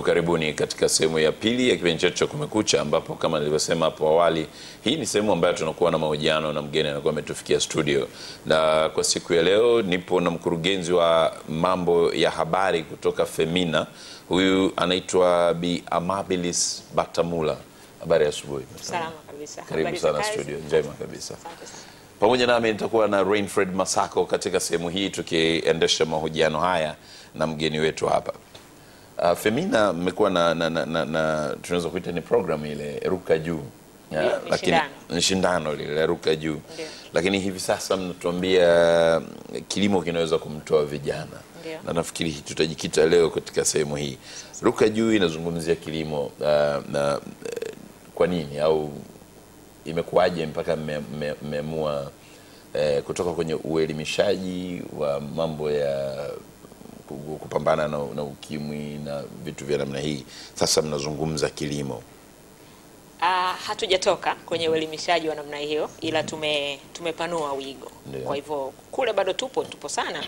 karibuni katika sehemu ya pili ya kipindi chetu cha Kumekucha, ambapo kama nilivyosema hapo awali, hii ni sehemu ambayo tunakuwa na mahojiano na mgeni anakuwa ametufikia studio, na kwa siku ya leo nipo na mkurugenzi wa mambo ya habari kutoka Femina. Huyu anaitwa Bi Amabilis Batamula. Habari ya asubuhi. Salama kabisa. Karibu sana studio. Njema kabisa. Pamoja nami nitakuwa na Rainfred Masako katika sehemu hii tukiendesha mahojiano haya na mgeni wetu hapa. Uh, Femina mmekuwa na, na, na, na, na tunaweza kuita ni program ile ruka juu yeah, lakini shindano lile ruka juu Lakini hivi sasa mnatuambia mm, kilimo kinaweza kumtoa vijana Ndiyo. na nafikiri tutajikita leo katika sehemu hii. Ruka juu inazungumzia kilimo uh, na eh, kwa nini au imekuwaje mpaka mmeamua me, me, eh, kutoka kwenye uelimishaji wa mambo ya kupambana na, na ukimwi na vitu vya namna hii. Sasa mnazungumza kilimo. Uh, hatujatoka kwenye uelimishaji wa namna hiyo ila tume, tumepanua wigo yeah. Kwa hivyo kule bado tupo tupo sana,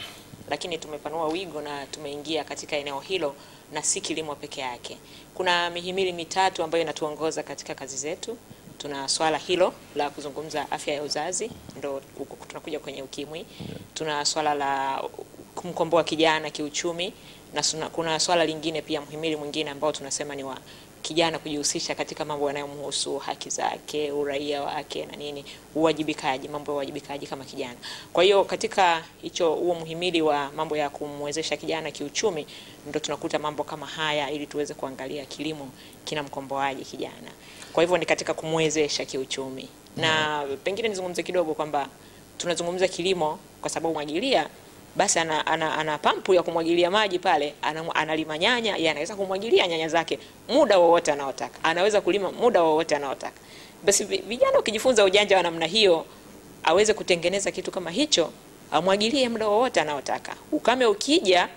lakini tumepanua wigo na tumeingia katika eneo hilo, na si kilimo peke yake. Kuna mihimili mitatu ambayo inatuongoza katika kazi zetu. Tuna swala hilo la kuzungumza afya ya uzazi, ndo tunakuja kwenye ukimwi yeah. Tuna swala la kumkomboa kijana kiuchumi, na kuna swala lingine pia, mhimili mwingine ambao tunasema ni wa kijana kujihusisha katika mambo yanayomhusu haki zake, uraia wake na nini, uwajibikaji, mambo ya uwajibikaji kama kijana. Kwa hiyo katika hicho huo muhimili wa mambo ya kumwezesha kijana kiuchumi, ndo tunakuta mambo kama haya, ili tuweze kuangalia kilimo kinamkomboaje kijana. Kwa hivyo ni katika kumwezesha kiuchumi, na mm-hmm. pengine nizungumze kidogo kwamba tunazungumza kilimo kwa sababu mwagilia basi ana, ana, ana pampu ya kumwagilia maji pale, analima nyanya, yeye anaweza kumwagilia nyanya zake muda wowote anaotaka, anaweza kulima muda wowote anaotaka. Basi vijana ukijifunza ujanja wa namna hiyo, aweze kutengeneza kitu kama hicho, amwagilie muda wowote anaotaka. Ukame ukija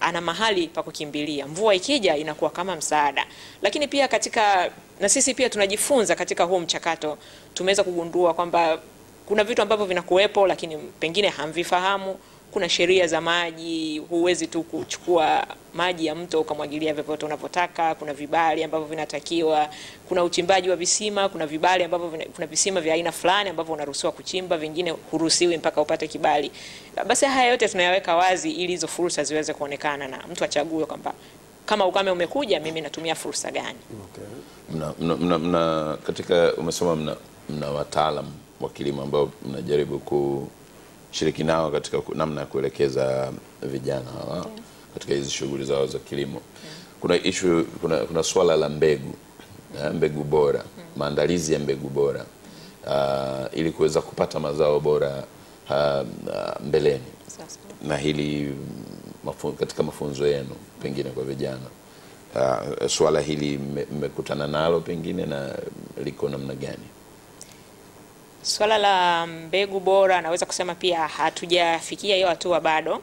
ana mahali pa kukimbilia. Mvua ikija inakuwa kama msaada. Lakini pia katika na sisi pia tunajifunza katika huu mchakato, tumeweza kugundua kwamba kuna vitu ambavyo vinakuwepo, lakini pengine hamvifahamu kuna sheria za maji, huwezi tu kuchukua maji ya mto ukamwagilia vyovyote unavyotaka. Kuna vibali ambavyo vinatakiwa, kuna uchimbaji wa visima, kuna vibali ambavyo vina, kuna visima vya aina fulani ambavyo unaruhusiwa kuchimba, vingine huruhusiwi mpaka upate kibali. Basi haya yote tunayaweka wazi ili hizo fursa ziweze kuonekana na mtu achague kwamba kama ukame umekuja, mimi natumia fursa gani? Okay. Mna, mna, mna, katika umesoma mna, mna wataalam wa kilimo ambao mnajaribu ku shiriki nao katika namna ya kuelekeza vijana hawa yeah. katika hizi shughuli zao za kilimo yeah. kuna ishu, kuna, kuna swala la mbegu yeah, mbegu bora yeah. Mm. maandalizi ya mbegu bora uh, ili kuweza kupata mazao bora uh, mbeleni na hili mafu, katika mafunzo yenu pengine kwa vijana uh, swala hili mmekutana me, nalo pengine na liko namna gani? Swala la mbegu bora naweza kusema pia hatujafikia hiyo hatua bado.